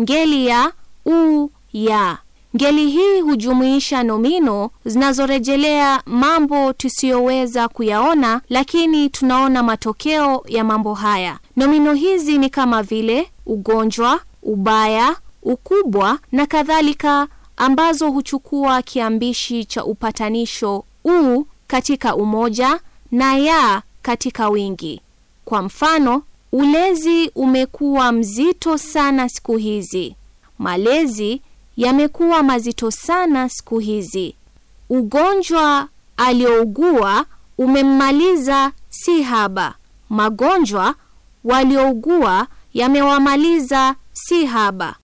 ngeli ya u ya. Ngeli hii hujumuisha nomino zinazorejelea mambo tusiyoweza kuyaona, lakini tunaona matokeo ya mambo haya. Nomino hizi ni kama vile ugonjwa, ubaya, ukubwa na kadhalika, ambazo huchukua kiambishi cha upatanisho u katika umoja na ya katika wingi. Kwa mfano Ulezi umekuwa mzito sana siku hizi. Malezi yamekuwa mazito sana siku hizi. Ugonjwa aliougua umemmaliza si haba. Magonjwa waliougua yamewamaliza si haba.